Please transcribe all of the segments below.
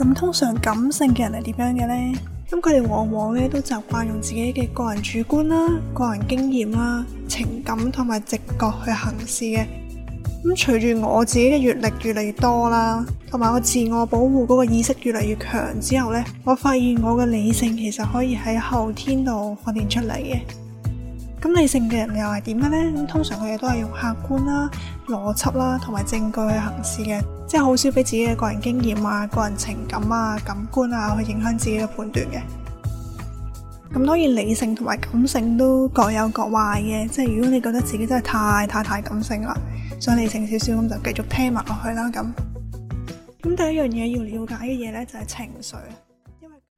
咁通常感性嘅人係點樣嘅呢？咁佢哋往往咧都習慣用自己嘅個人主觀啦、個人經驗啦、情感同埋直覺去行事嘅。咁隨住我自己嘅閱歷越嚟越多啦，同埋我自我保護嗰個意識越嚟越強之後呢，我發現我嘅理性其實可以喺後天度訓練出嚟嘅。咁理性嘅人又係點嘅呢？咁通常佢哋都係用客觀啦、邏輯啦，同埋證據去行事嘅，即係好少俾自己嘅個人經驗啊、個人情感啊、感官啊去影響自己嘅判斷嘅。咁當然理性同埋感性都各有各壞嘅，即係如果你覺得自己真係太太太感性啦，想理性少少，咁就繼續聽埋落去啦。咁，咁第一樣嘢要了解嘅嘢呢，就係情緒。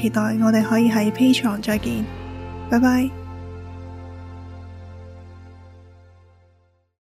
期待我哋可以喺 P 床再見，拜拜。